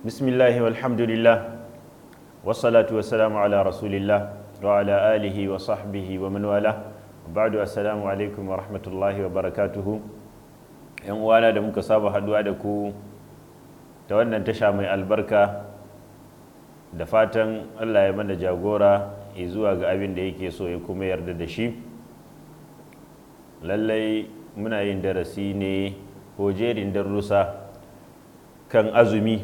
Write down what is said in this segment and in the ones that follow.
bismillahi walhamdulillah wasalatu wasalamu ala rasulillah wa ala alihi wa sahbihi wa man wala wa assalamu alaikum wa rahmatullahi wa barakatuhu yan uwana da muka saba haduwa da ku ta wannan tasha mai albarka da fatan Allah ya mana jagora zuwa ga abin da yake so ya kuma yarda da shi lallai muna yin darasi ne ko jerin darussa kan azumi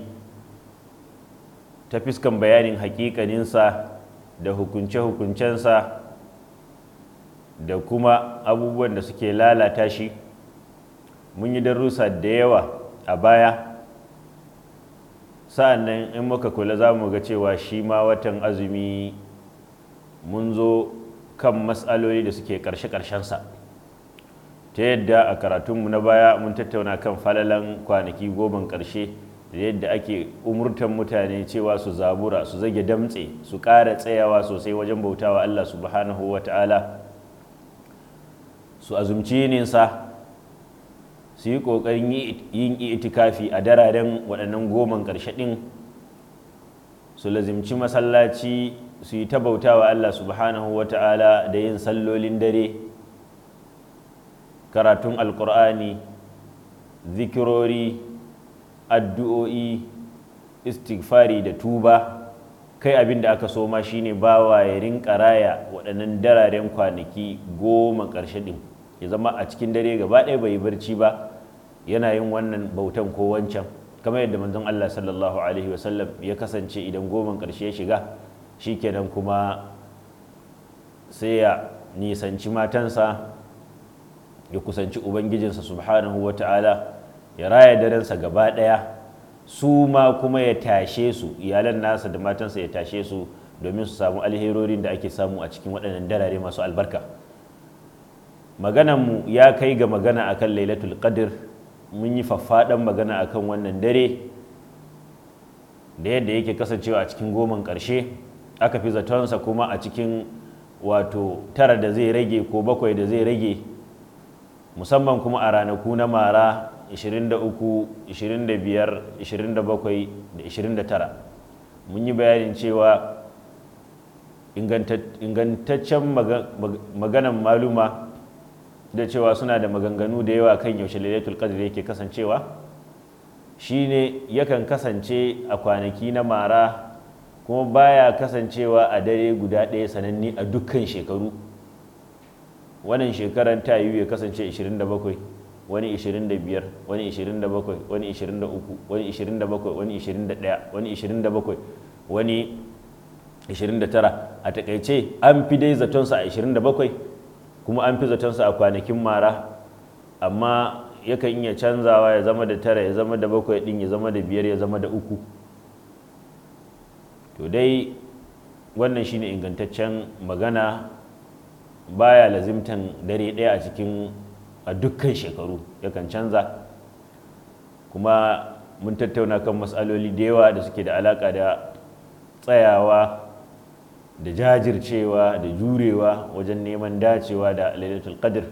ta fiskan bayanin hakikaninsa da hukunce-hukuncensa da kuma abubuwan da suke lalata shi mun yi darussa da yawa a baya sa'an in muka kula za mu ga cewa shi ma watan azumi mun zo kan matsaloli da suke ƙarshe-ƙarshensa ta yadda a karatunmu na baya mun tattauna kan falalan kwanaki goban ƙarshe da yadda ake umurtan mutane cewa su zabura su zage damtse su ƙara tsayawa sosai wajen bautawa Allah subhanahu wa ta'ala su azumci nisa su yi ƙoƙarin yin itikafi a dararen waɗannan goman ƙarshe ɗin su lazimci masallaci su yi ta bautawa Allah subhanahu wa ta'ala da yin sallolin dare karatun alkur'ani zikirori addu'o'i istighfari da tuba kai abin da aka so ma shine bawa ya rinka raya waɗannan dararen kwanaki goma ƙarshe ɗin ya zama a cikin dare gaba ɗaya bai barci ba yana yin wannan bautan ko wancan kamar yadda manzon Allah sallallahu alaihi wasallam ya kasance idan goma ƙarshe ya shiga shikenan kuma sai ya nisanci matansa ya kusanci ubangijinsa subhanahu wa ta'ala ya raya darensa gaba ɗaya su ma kuma ya tashe su iyalan nasa da matansa ya tashe su domin su samu alherorin da ake samu a cikin waɗannan darare masu albarka maganan mu ya kai ga magana akan lailatul qadr mun yi faffaɗan magana akan wannan dare da yadda yake kasancewa a cikin goman ƙarshe aka fi zatonsa kuma a cikin wato tara da zai rage ko bakwai da zai rage musamman kuma a ranaku na mara 23 25 27 da 29 mun yi bayanin cewa ingantaccen maganan maluma da cewa suna da maganganu da yawa kan yaushe lalatul qadr yake kasancewa shine yakan kasance a kwanaki na mara kuma baya kasancewa a dare guda ɗaya sananni a dukkan shekaru wannan shekaran ta yi ya kasance 27 wani 25 wani 27 wani 23 wani 27 wani 21 wani 27 wani 29 a takaice an fi dai zatonsa a 27 kuma an fi zatonsa a kwanakin mara amma yakan iya canzawa ya zama da tara ya zama da bakwai din ya zama da biyar ya zama da uku to dai wannan shine ingantaccen magana baya lazimtan dare ɗaya a cikin a dukkan shekaru yakan canza kuma mun tattauna kan matsaloli da yawa da suke da alaƙa da tsayawa da jajircewa da jurewa wajen neman dacewa da lailatul qadr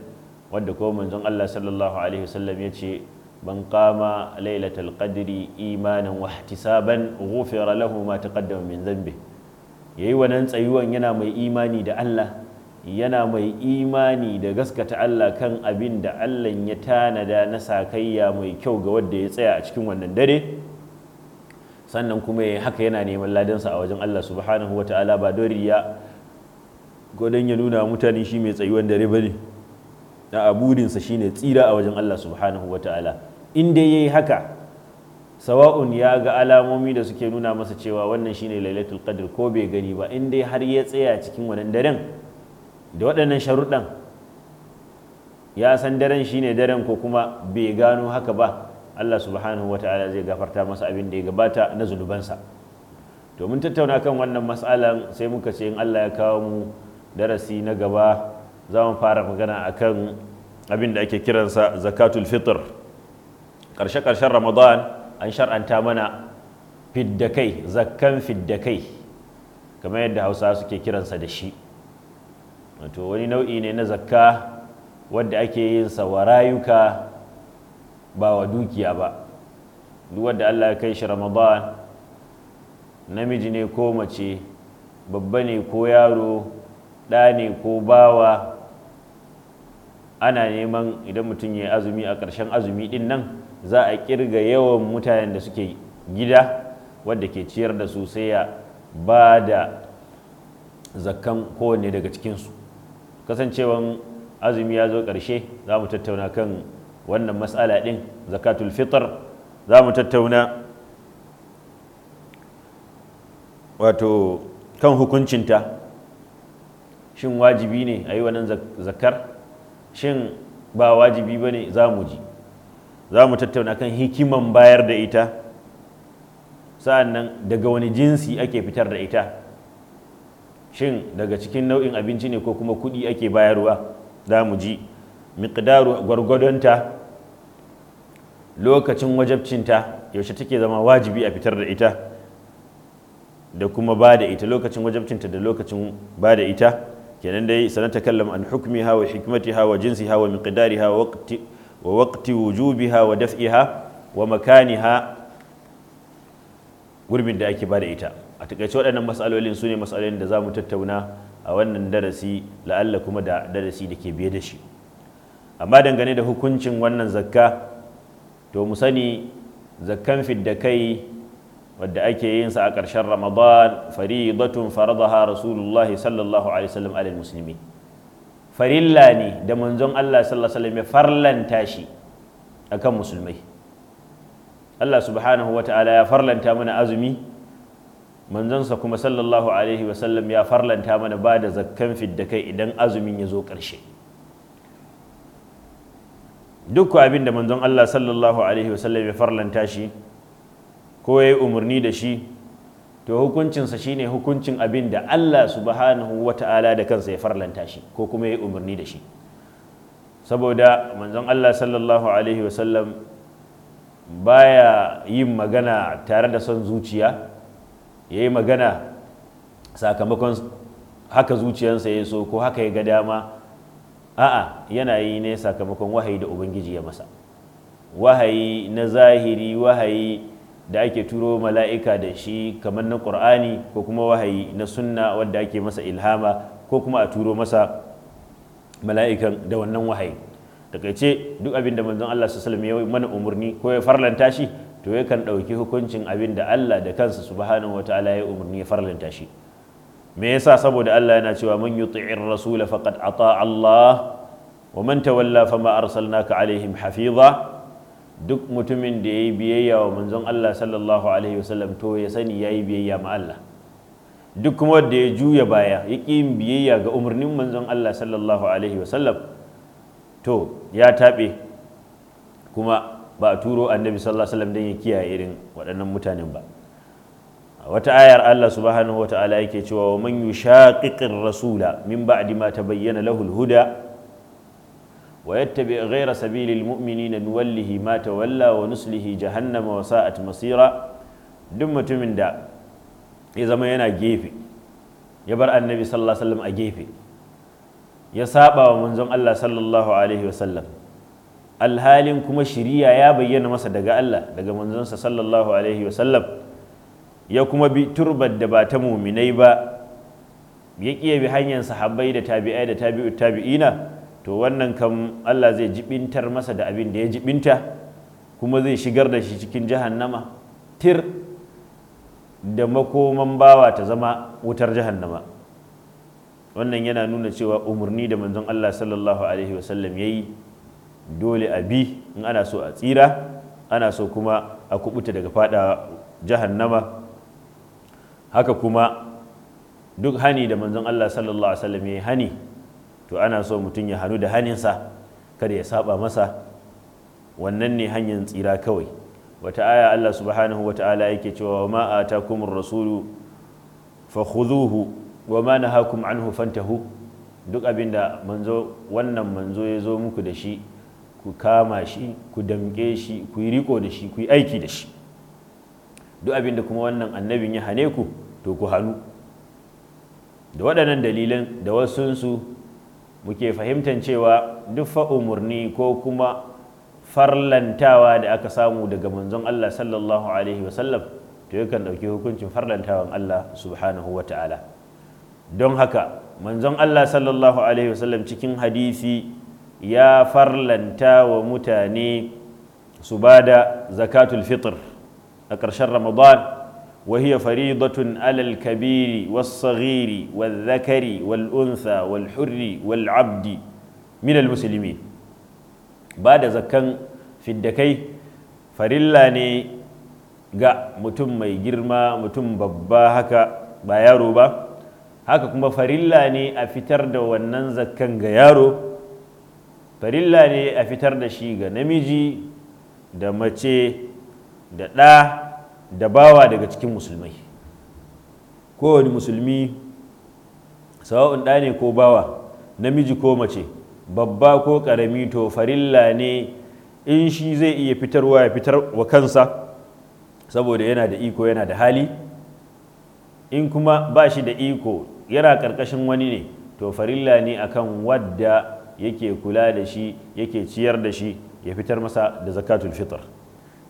wadda kuma manzon Allah sallallahu alaihi wasallam ya ce kama qama lailatul qadri imanan wa ihtisaban ghufira lahu ma taqaddama min dhanbi yayi wannan tsayuwan yana mai imani da Allah yana mai imani da gaskata Allah kan abin da Allah ya tanada na sakayya mai kyau ga wadda ya tsaya a cikin wannan dare sannan kuma ya haka yana neman ladansa a wajen Allah subhanahu wa ta'ala ba don riya godon ya nuna mutane shi mai tsayuwan dare ba ne da burinsa shi ne tsira a wajen Allah subhanahu wa ta'ala in dai ya yi haka sawa'un ya ga alamomi da suke nuna masa cewa wannan shine lailatul qadr ko bai gani ba in dai har ya tsaya cikin wannan daren da waɗannan sharuɗan ya san daren shi ne daren ko kuma bai gano haka ba Allah subhanahu wa ta'ala zai gafarta masa abin da ya gabata na zunubansa to mun tattauna kan wannan matsalan sai muka ce in Allah ya kawo mu darasi na gaba za mu fara magana akan abin da ake kiransa zakatul fitr ƙarshe ƙarshen ramadan an shar'anta mana fiddakai zakkan fiddakai kamar yadda hausa suke kiransa da shi wato wani nau'i ne na zakka wadda ake yin sa wa rayuka ba wa dukiya ba duk wadda Allah ya kai shi Ramadan namiji ne ko mace babba ne ko yaro ɗa ne ko bawa ana neman idan mutum ya azumi a ƙarshen azumi ɗin nan za a ƙirga yawan mutanen da suke gida wadda ke ciyar da su sai ya ba da zakkan kowanne daga cikinsu kasancewan azumi ya zo ƙarshe za mu tattauna kan wannan matsala ɗin zakatul fitr za mu tattauna wato kan hukuncinta shin wajibi ne a yi wannan zakar shin ba wajibi ba ne za mu ji za mu tattauna kan hikiman bayar da ita sa'an nan daga wani jinsi ake fitar da ita shin daga cikin nau'in abinci ne ko kuma kuɗi ake bayarwa za mu ji miƙdaru gwargwadonta lokacin wajabcinta yaushe take zama wajibi a fitar da ita da kuma ba da ita lokacin wajabcinta da lokacin ba da ita kenan dai sanata kallam an hukmi hawa hikmati hawa jinsi hawa miƙidari hawa waqti wa waqti wujubiha wa daf'iha wa makaniha gurbin da ake ba da ita a takaice waɗannan matsalolin su ne matsalolin da za mu tattauna a wannan darasi la'alla kuma da darasi da ke biye da shi amma dangane da hukuncin wannan zakka to mu sani zakkan fidda kai wadda ake yin sa a ƙarshen ramadan faridatun faradaha rasulullahi sallallahu alaihi wasallam alal musulmi farilla ne da manzon Allah sallallahu alaihi wasallam ya farlanta shi akan musulmai Allah subhanahu wa ta'ala ya farlanta mana azumi manzansa kuma sallallahu alaihi wasallam ya farlanta mana ba da zakkan kai idan azumin ya zo ƙarshe duk abin da manzon Allah sallallahu alaihi wasallam ya farlanta shi ko ya yi umarni da shi to hukuncinsa shine hukuncin abin da Allah subhanahu ta'ala da kansa ya farlanta shi ko kuma ya yi umarni da shi saboda manzon Allah sallallahu alaihi wasallam baya yin magana tare da son zuciya ya yi magana sakamakon haka zuciyarsa ya so ko haka ya ga dama a'a yana yi ne sakamakon wahayi da ubangiji ya masa wahayi na zahiri wahayi da ake turo mala'ika da shi kamar na ƙur'ani ko kuma wahayi na sunna wadda ake masa ilhama ko kuma a turo masa mala'ikan da wannan wahayi takaice duk abin da manzon Allah sallallahu alaihi wasallam ya mana umarni ko ya farlanta shi to yakan ɗauki hukuncin abin da Allah da kansa subhanahu wata'ala ya umarni ya farlanta shi me yasa saboda Allah yana cewa man yuti'ir rasula faqad ata Allah wa man tawalla fama arsalnaka alaihim hafiza duk mutumin da yayi biyayya wa manzon Allah sallallahu alaihi wasallam to ya sani yayi biyayya ma Allah duk kuma wanda ya juya baya ya ƙi yin biyayya ga umarnin manzon Allah sallallahu alaihi wasallam to ya taɓe kuma ba a turo annabi sallallahu alaihi wasallam don ya kiyaye irin waɗannan mutanen ba wata ayar Allah subhanahu wata'ala yake cewa wa man yushaqiqir rasula min ba'di ma tabayyana lahu al-huda wa yattabi ghayra sabilil mu'minina nuwallihi ma tawalla wa nuslihi jahannama wa sa'at masira duk mutumin da ya zama yana gefe ya bar annabi sallallahu alaihi wasallam a gefe ya saba wa manzon Allah sallallahu alaihi wasallam alhalin kuma shiriya ya bayyana masa daga Allah daga manzonsa sallallahu alaihi wasallam ya kuma bi turbar da ba ta muminai ba ya kiya bi hanyar sahabbai da tabi'ai da tabi'u tabi'ina to wannan kam Allah zai jibintar masa da abin da ya jibinta kuma zai shigar da shi cikin jahannama tir da makoman bawa ta zama wutar jahannama wannan yana nuna cewa umarni da manzon Allah sallallahu alaihi wasallam ya yi dole a bi in ana so a tsira ana so kuma a kubuta daga fada jahannama haka kuma duk hani da manzon Allah sallallahu alaihi wasallam ya hani to ana so mutum ya hannu da haninsa kada ya saba masa wannan ne hanyar tsira kawai wata aya Allah subhanahu wa ta'ala yake cewa ma atakumur rasulu fakhudhuhu wa ma nahakum anhu fantahu duk abinda manzo wannan manzo ya zo muku da shi ku kama shi ku damƙe shi ku yi riko da shi ku yi aiki da shi duk abin da kuma wannan annabin ya hane ku to ku hannu da waɗannan dalilan da wasunsu muke fahimtar cewa duk umurni ko kuma farlantawa da aka samu daga manzon Allah sallallahu alaihi wasallam to yakan ɗauki hukuncin farlantawan Allah subhanahu wa ta'ala don haka manzon Allah sallallahu alaihi wasallam cikin hadisi ya farlanta wa mutane su ba da zakatul fitr a ƙarshen ramadan وهي فريضة على الكبير والصغير والذكر والأنثى والحر والعبد من المسلمين بعد زكاة في الدكي فرلاني ga mutum mai girma mutum babba haka ba yaro ba haka kuma farilla ne a fitar da wannan zakkan ga yaro farilla ne a fitar da shi ga namiji da mace da ɗa da bawa daga cikin musulmai kowane musulmi sawa'un ɗa ne ko bawa namiji ko mace babba ko ƙarami to farilla ne in shi zai iya fitarwa ya fitar wa kansa saboda yana da iko yana da hali in kuma ba shi da iko yana ƙarƙashin wani ne to farilla ne akan wadda yake kula da shi yake ciyar da shi ya fitar masa da zakatul fitr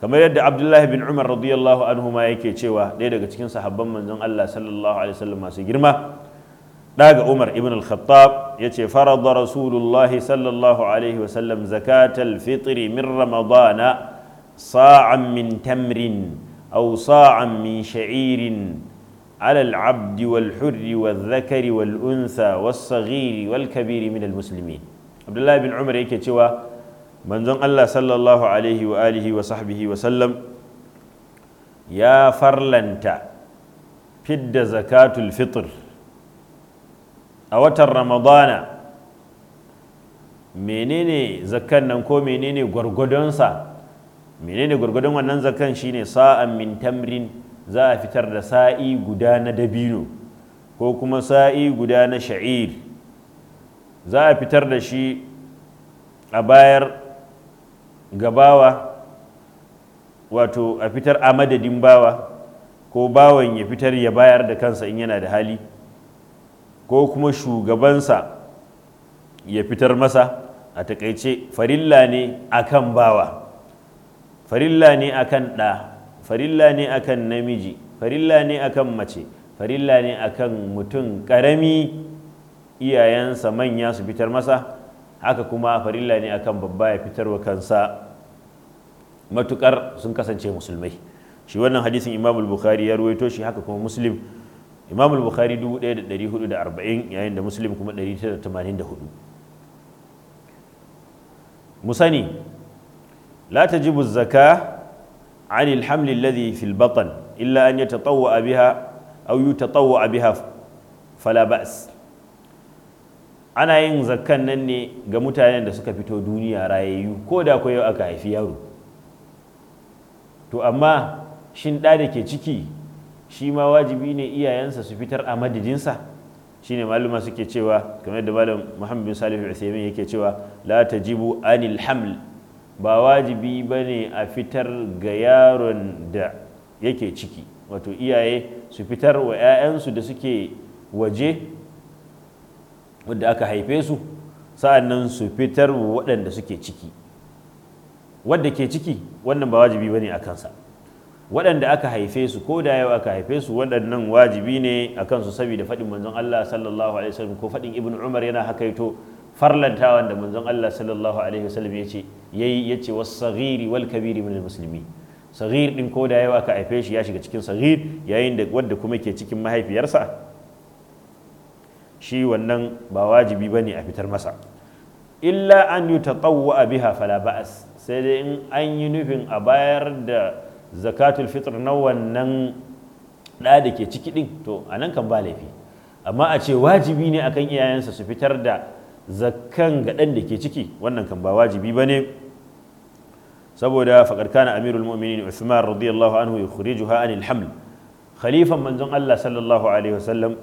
kamar yadda abdullahi bin umar radiyallahu anhu ma yake cewa ɗaya daga cikin sahabban manzon allah sallallahu alaihi wasallam masu girma daga umar ibn al-khattab yace farada rasulullahi sallallahu alaihi wasallam zakatul fitri min ramadana sa'an min tamrin aw sa'an min sha'irin على العبد والحر والذكر والأنثى والصغير والكبير من المسلمين abdullahi bin umar yake cewa manzon allah sallallahu alaihi wa alihi wa sahbihi wa sallam ya farlanta fidda zakatul fitr a watan ramadana menene zakan nan ko menene gwargwadonsa menene gwargwadon wannan zakan shine sa'an min tamrin za a fitar da sa'i guda na dabino ko kuma sa'i guda na sha'ir za a fitar da shi a bayar gabawa wato a fitar a madadin bawa ko bawan ya fitar ya bayar da kansa in yana da hali ko kuma shugabansa ya fitar masa a takaice farilla ne akan bawa farilla ne akan ɗa farilla ne akan namiji farilla ne akan mace farilla ne akan mutum ƙarami iyayensa manya su fitar masa haka kuma farilla ne akan babba ya fitar wa kansa matukar sun kasance musulmai shi wannan hadisin imamul bukhari ya ruwaito shi haka kuma muslim imamul bukhari 1440 yayin da muslim kuma 1984 musani la tajibu zaka عن الحمل الذي في البطن إلا أن يتطوأ بها أو يتطوأ بها فلا بأس ana yin zakkan nan ne ga mutanen da suka fito duniya rayayyu ko da ko yau aka haifi yaro to amma shin ɗa da ke ciki shi ma wajibi ne iyayensa su fitar a madadinsa shine maluma suke cewa kamar da malam muhammad bin salihu usaimin yake cewa la ta jibu anil haml ba wajibi ba ne a fitar ga yaron da yake ciki wato iyaye su fitar wa 'ya'yansu da suke waje wadda aka haife su sa'annan su fitar waɗanda suke ciki wadda ke ciki wannan ba wajibi bane a kansa waɗanda aka haife su ko da yau aka haife su waɗannan wajibi ne a kansu saboda faɗin manzon Allah sallallahu alaihi wasallam ko faɗin ibn Umar yana haka hakaito farlantawan da manzon Allah sallallahu alaihi wasallam ya ce yayi ce wasu saghiri wal-kabiri min musulmi. muslimin ɗin din ko da yau aka haife shi ya shiga cikin saghir yayin da wadda kuma ke cikin mahaifiyarsa shi wannan ba wajibi ba ne a fitar masa illa an yi taƙawwa biha fala ba'as sai dai in an yi nufin a bayar da zakatul fitr na wannan ɗa da ke ciki ɗin to a nan kan ba laifi amma a ce wajibi ne akan iyayensa su fitar da zakan ga ɗan da ke ciki wannan kan ba wajibi ba ne saboda faƙar kana amirul mu'minin usman radiyallahu anhu yukhrijuha anil haml khalifan manzon Allah sallallahu alaihi wasallam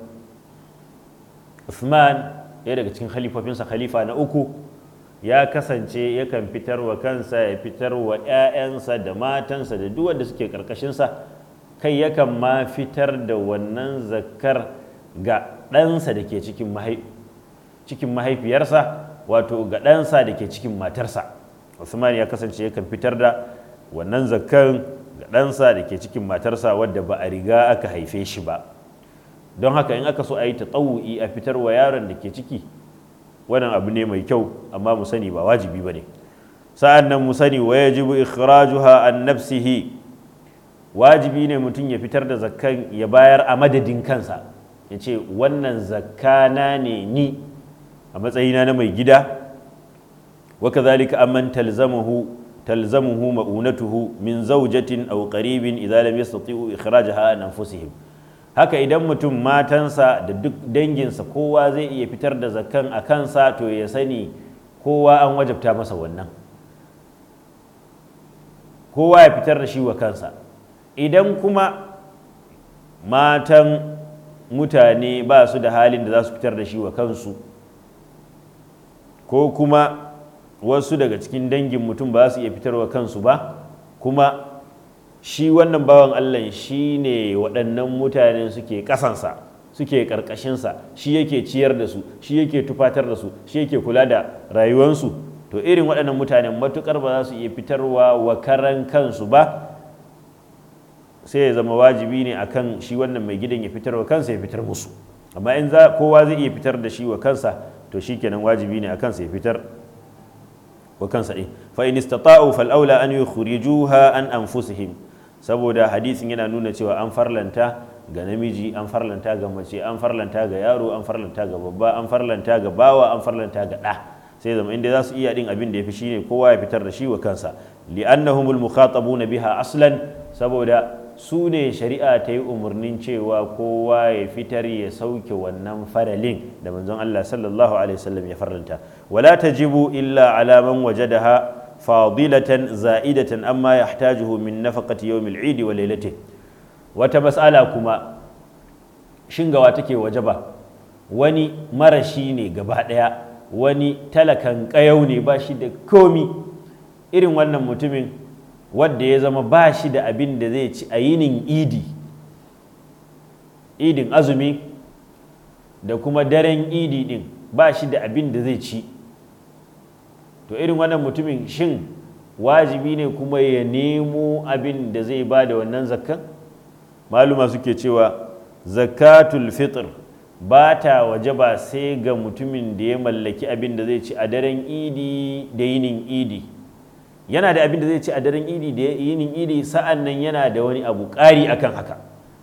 Uthman ɗaya daga cikin khalifofinsa khalifa na uku ya kasance yakan fitar wa kansa ya fitar wa 'ya'yansa da matansa da duk da suke ƙarƙashinsa kai yakan ma fitar da wannan zakar ga ɗansa da ke cikin mahaifiyarsa wato ga ɗansa da ke cikin matarsa Usman ya kasance yakan fitar da wannan zakar ga ɗansa da ke cikin matarsa wadda ba a riga aka haife shi ba don haka in aka so a yi ta a fitar wa yaron da ke ciki wannan abu ne mai kyau amma mu sani ba wajibi ba ne sa'an nan mu sani wa ya jibu ikhrajuha an nafsihi wajibi ne mutum ya fitar da zakkan ya bayar a madadin kansa ya ce wannan zakkana ne ni a matsayina na mai gida wa kazalika amman talzamahu talzamuhu ma'unatuhu min zaujatin aw qaribin idza lam yastati'u ikhrajaha an anfusihim haka idan mutum matansa da duk danginsa kowa zai iya fitar da zakan a kansa to ya sani kowa an wajabta masa wannan kowa ya fitar da shi wa kansa idan kuma matan mutane ba su da halin da za su fitar da shi wa kansu ko kuma wasu daga cikin dangin mutum ba su iya fitar wa kansu ba kuma shi wannan bawan Allah shi ne waɗannan mutanen suke ƙasansa suke ƙarƙashinsa shi yake ciyar da su shi yake tufatar da su shi yake kula da rayuwansu to irin waɗannan mutanen matuƙar ba za su iya fitarwa wa karan kansu ba sai ya zama wajibi ne akan shi wannan mai gidan ya fitar wa kansa ya fitar musu amma in za kowa zai iya fitar da shi wa kansa to shi kenan wajibi ne akan sa ya fitar wa kansa ɗin fa in istata'u fal aula an yukhrijuha an anfusihim saboda hadisin yana nuna cewa an farlanta ga namiji an farlanta ga mace an farlanta ga yaro an farlanta ga babba an farlanta ga bawa an farlanta ga ɗa sai zama inda za su iya din abin da ya fi shine kowa ya fitar da shi wa kansa li'annahumul mukhatabuna biha aslan saboda su ne shari'a ta yi umarnin cewa kowa ya fitar ya sauke wannan faralin da manzon Allah sallallahu alaihi wasallam ya farlanta wala tajibu illa ala man wajadaha fadilatan za'idatan amma yahtajuhu min nafaqati yawmil idi wa lailati wata matsala kuma shingawa take wajaba wani marashi ne gaba daya wani talakan kayau ne ba shi da komi irin wannan mutumin wadda ya zama ba shi da abin da zai ci a yinin idi idin azumi da kuma daren idi din ba shi da abin da zai ci to irin wannan mutumin shin wajibi ne kuma ya nemo abin da zai ba da wannan zakkan maluma suke cewa zakatul fitr ba ta waje ba sai ga mutumin da ya mallaki abin da zai ci a daren idi da yinin idi yana da abin da zai ci a daren idi da yinin idi sa'an nan yana da wani abu ƙari akan haka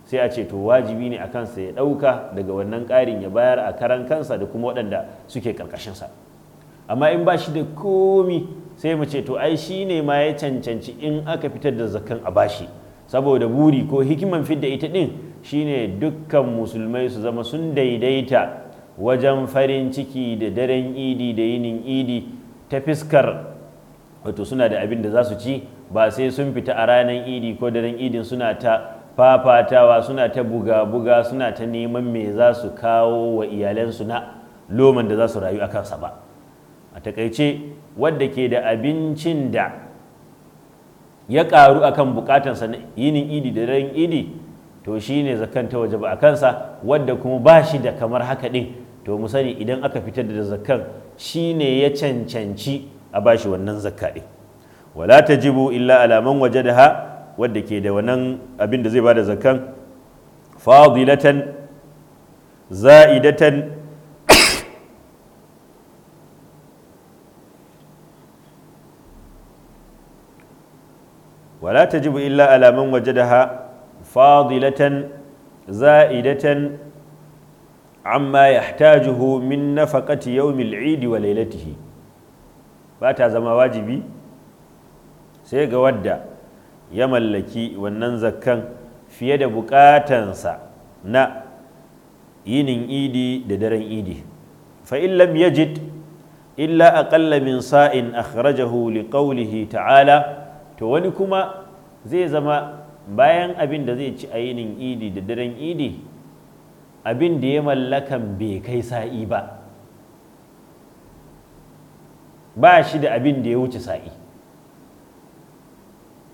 sai a ce to wajibi ne a kansa ya ɗauka daga wannan ƙarin ya bayar a karan kansa da kuma waɗanda suke ƙarƙashinsa. amma in ba shi da komi sai mu ce to ai shi ne ma ya cancanci in aka fitar da zakan a bashi saboda buri ko hikiman fidda ita din shine dukkan musulmai su zama sun daidaita wajen farin ciki da daren idi da yinin idi ta fiskar wato suna da abin da za su ci ba sai sun fita a ranar idi ko daren idin suna ta fafatawa suna ta buga-buga suna ta neman me za su kawo wa iyalansu na loman da za su rayu a kansa ba a takaice wadda ke da abincin da ya karu akan bukatansa na yinin idi da ran idi to shi ne zakan ta waje ba a kansa wadda kuma ba shi da kamar haka din to mu sani idan aka fitar da zakan shi ne ya cancanci a ba shi wannan zakka din wala jibu illa alaman waje da ha wadda ke da wannan abin da zai bada zakan fadilatan za'idatan wala ta tajibu illa alaman ala man wajadaha fadilatan za'idatan amma yahtajuhu min nafaqati yawmil idi wa lailatihi ba ta zama wajibi sai ga wadda ya mallaki wannan zakkan fiye da bukatansa na yinin idi da daren idi fa in lam yajid illa aƙalla min sa in sa'in akhrajahu liqawlihi ta'ala to wani kuma zai zama bayan abin da zai ci a yinin idi da daren idi abin da ya mallakan bai kai sa'i ba ba shi da abin da ya wuce sa'i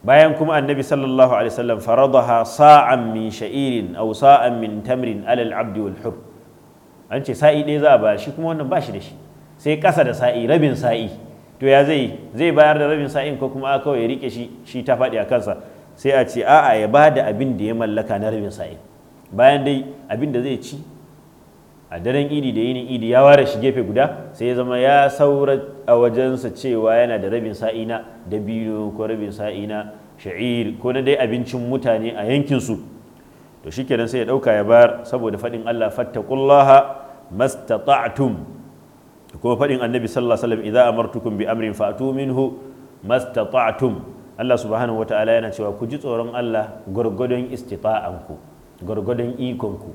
bayan kuma annabi sallallahu alaihi wasallam faradaha sa'an min sha'irin aw sa'an min tamrin alal abdi wal hur an ce sa'i ɗaya za a ba shi kuma wannan ba shi da shi sai ƙasa da sa'i rabin sa'i to ya zai zai bayar da rabin sa'in ko kuma kawai ya rike shi shi ta faɗi a kansa sai a ce a'a ya ba da abin da ya mallaka na rabin sa'in bayan dai abin da zai ci a daren idi da yinin idi ya ware shi gefe guda sai ya zama ya saura a wajensa cewa yana da rabin sa'ina na biyu ko rabin sa'ina sha'ir ko na dai abincin mutane a yankinsu to shikenan sai ya ɗauka ya bayar saboda faɗin Allah fattaqullaha mastata'tum kuma faɗin annabi sallallahu alaihi wasallam idza amartukum bi amrin fa'tu minhu mastata'tum Allah subhanahu wataala yana cewa ku ji tsoron Allah gwargwadon istita'anku gwargwadon ikonku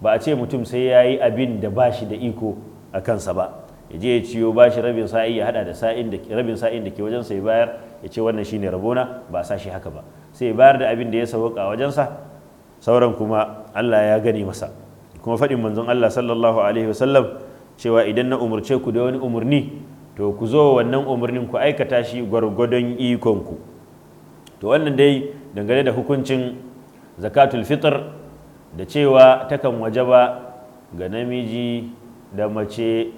ba a ce mutum sai ya yi abin da ba shi da iko a kansa ba ya je ya ciyo ba rabin sa'i ya hada da sa'in da rabin sa'in da ke wajen sai bayar ya ce wannan shine rabona ba sa shi haka ba sai bayar da abin da ya sauka a sa sauran kuma Allah ya gani masa kuma faɗin manzon Allah sallallahu alaihi wasallam cewa idan na umarce ku da wani umarni to ku zo wannan umarnin ku aikata shi gwargwadon ikonku to wannan dai dangane da hukuncin zakatul fitr da cewa takan wajaba ga namiji da mace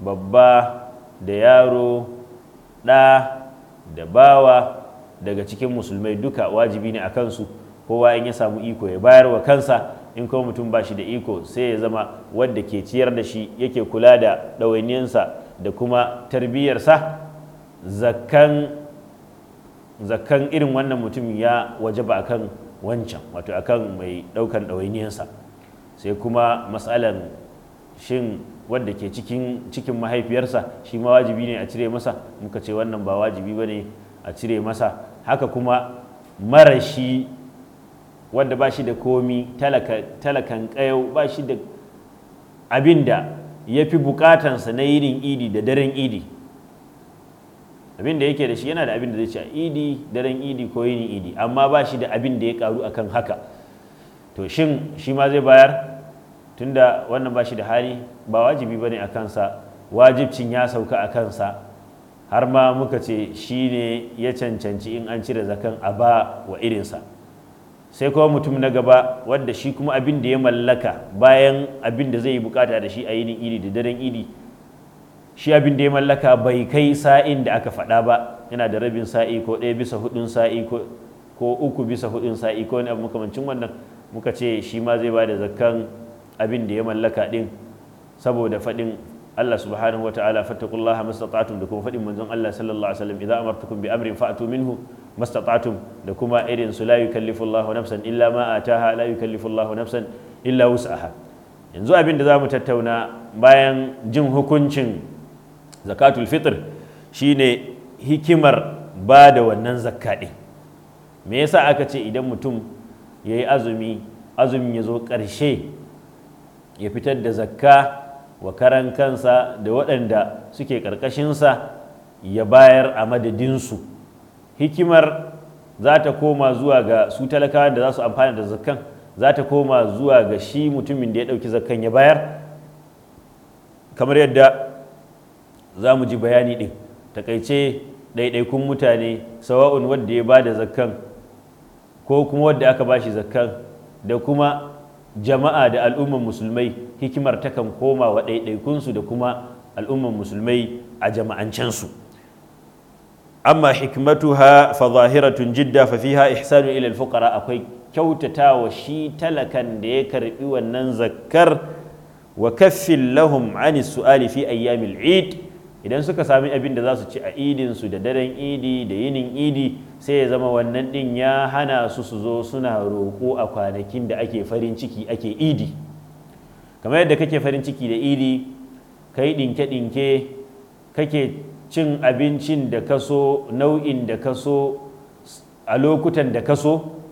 babba da yaro ɗa da bawa daga cikin musulmai duka wajibi ne a kansu kowa in ya samu iko ya bayar wa kansa in kuma mutum ba shi da iko sai ya zama wadda ke ciyar da shi yake kula da ɗawainiyarsa da kuma tarbiyyarsa zakan irin wannan mutum ya waje wajaba akan wancan wato akan mai ɗaukan ɗawainiyarsa sai kuma matsalan shin wadda ke cikin mahaifiyarsa shi ma wajibi ne a cire masa muka ce wannan ba wajibi ba ne a cire masa haka kuma marashi wanda ba shi da komi talakan kayau ba shi da abin da ya fi bukatansa na yinin idi da daren idi abin da yake da shi yana da abin da zai ci a idi daren idi ko yinin idi amma ba shi da abin da ya karu akan haka to shin shi ma zai bayar tunda wannan ba shi da hali ba wajibi ba ne a kansa wajibcin ya sauka a kansa har ma muka ce shi ne ya cancanci in an cire zakan a ba wa irinsa sai kuma mutum na gaba wadda shi kuma abin da ya mallaka bayan abin da zai yi bukata da shi a yinin idi da daren idi shi abin da ya mallaka bai kai sa'in da aka faɗa ba yana da rabin sa'i ko ɗaya bisa hudun sa'i ko uku bisa hudun sa'i ko wani abu makamancin wannan muka ce shi ma zai ba da zakkan abin da ya mallaka ɗin saboda faɗin Allah subhanahu wa ta'ala fattakullaha mastata'tum da kuma faɗin manzon Allah sallallahu alaihi wasallam idan amartukum bi amrin fa'tu minhu mastata'tum da kuma irin su la yukallifu Allahu nafsan illa ma ataha la yukallifu Allahu nafsan illa wus'aha yanzu abin da zamu tattauna bayan jin hukuncin zakatul fitr shine hikimar ba da wannan zakka din me yasa aka ce idan mutum yayi azumi azumin ya zo ƙarshe ya fitar da zakka wa karan kansa da waɗanda suke ƙarƙashinsa ya bayar a madadinsu hikimar za ta koma zuwa ga su talakawa da za su amfana da zakkan za ta koma zuwa ga shi mutumin da ya ɗauki zakan ya bayar kamar yadda za mu ji bayani ɗin takaice ɗaiɗaikun mutane sawa'un wadda ya ba da zakkan ko kuma wadda aka ba shi zakkan da kuma jama'a da al'umman musulmai hikimar takan koma wa ɗaiɗaikunsu da kuma al'umman musulmai a jama'ancensu. amma hikmatuha fa zahiratun jidda fa fiha ihsanu ila al-fuqara akwai kyautatawa shi talakan da ya karbi wannan zakkar wa kaffin lahum ani su'ali fi ayyamil id idan suka sami abin da za su ci a idin su da daren idi da yinin idi sai ya zama wannan din ya hana su su zo suna roƙo a kwanakin da ake farin ciki ake idi kamar yadda kake farin ciki da idi kai ɗinke-ɗinke kake cin abincin da ka so nau'in da ka so a lokutan da ka so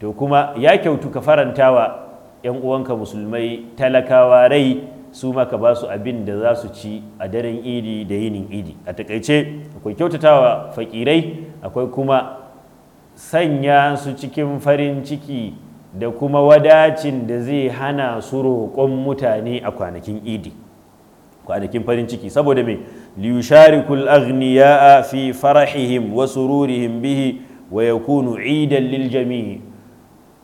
to kuma ya kyautu ka farantawa 'yan uwanka musulmai talakawa rai su ma ka ba su abin da za su ci a daren idi da yinin idi a takaice akwai kyautatawa fakirai akwai kuma sanya su cikin farin ciki da kuma wadacin da zai hana su roƙon mutane a kwanakin idi kwanakin farin ciki saboda mai. liyushariku al-aghniya'a fi farahihim wa sururihim bihi wa yakunu idan lil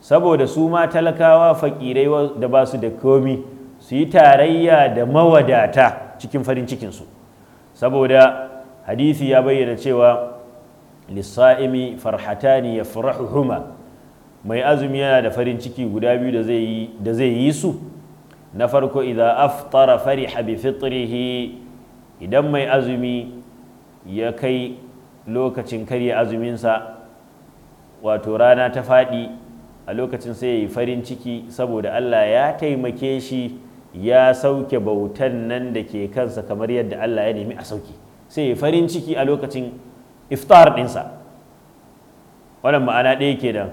saboda su ma talakawa fakirai da basu da komi su yi tarayya da mawadata cikin farin cikinsu saboda hadisi ya bayyana cewa lissa'imi farhatani ya farahuhuma mai azumi yana da farin ciki guda biyu da zai yi su na farko idan aftara fariha bi fitrihi idan mai azumi ya kai lokacin karya azuminsa wato rana ta faɗi a lokacin sai ya yi farin ciki saboda Allah ya taimake shi ya sauke bautan nan da ke kansa kamar yadda Allah ya nemi a sauke sai ya farin ciki a lokacin iftar ɗinsa wannan ma'ana ɗaya kenan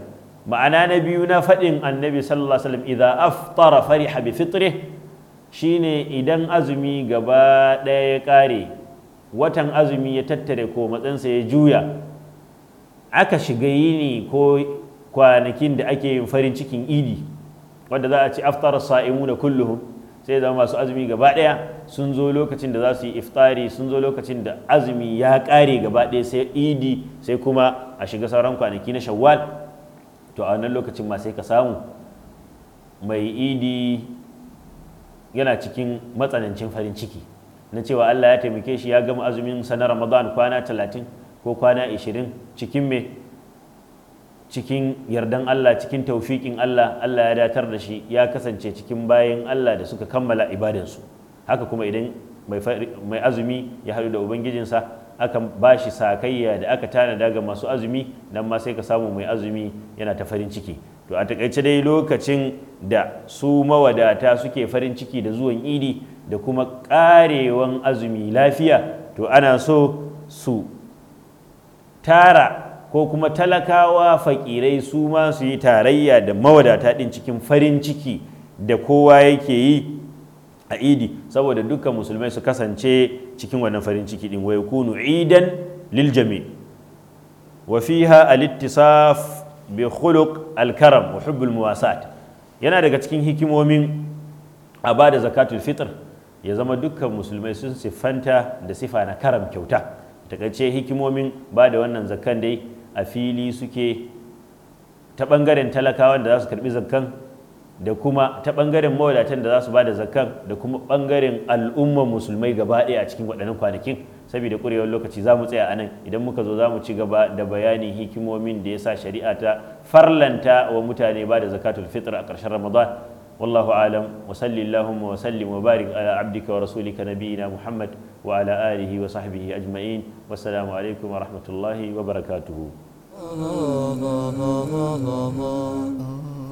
ma'ana na biyu na faɗin annabi sallallahu alaihi wasallam idza aftara fariha bi fitrihi shine idan azumi gaba ɗaya ya ƙare watan azumi ya tattare ko matsansa ya juya aka shiga yini ko kwanakin da ake yin farin cikin idi wanda za a ci aftar sa'imu da kulluhum sai zama masu azumi gaba ɗaya sun zo lokacin da za su yi iftari sun zo lokacin da azumi ya ƙare gaba ɗaya sai idi sai kuma a shiga sauran kwanaki na shawwal to a wannan lokacin ma sai ka samu mai idi yana cikin matsanancin farin ciki na cewa Allah ya taimake shi ya gama azumin sa na Ramadan kwana 30 ko kwana 20 cikin me cikin yardan Allah cikin taufikin Allah Allah ya datar da shi ya kasance cikin bayan Allah da suka kammala ibadansu haka kuma idan mai azumi ya haɗu da ubangijinsa aka ba shi sakayya da aka tanada ga masu azumi nan ma sai ka samu mai azumi yana ta farin ciki to a takaice dai lokacin da su mawadata suke farin ciki da zuwan idi da kuma karewan azumi lafiya to ana so su tara ko kuma talakawa fakirai su ma su yi tarayya da mawadata ɗin cikin farin ciki da kowa yake yi a idi saboda dukkan musulmai su kasance cikin wannan farin ciki ɗin wai kunu idan liljami. wa fiha alittisaf bi khuluq al-karam wa hubbul muwasat yana daga cikin hikimomin a bada zakatul fitr ya zama dukkan musulmai sun siffanta da sifa na karam kyauta takaice hikimomin bada wannan zakkan dai a fili suke ta bangaren talakawan da za su karbi zakkan. da kuma ta ɓangaren mawadatan da za su ba da zakkan da kuma ɓangaren al'ummar musulmai gaba ɗaya a cikin waɗannan kwanakin saboda ƙurewar lokaci za mu tsaya a nan idan muka zo za mu ci gaba da bayanin hikimomin da ya sa shari'a ta farlanta wa mutane ba da zakatul fitr a ƙarshen ramadan wallahu alam wa salli allahumma wa sallim wa barik ala abdika wa rasulika nabiyina muhammad wa ala alihi wa sahbihi ajma'in wassalamu alaikum wa rahmatullahi wa barakatuhu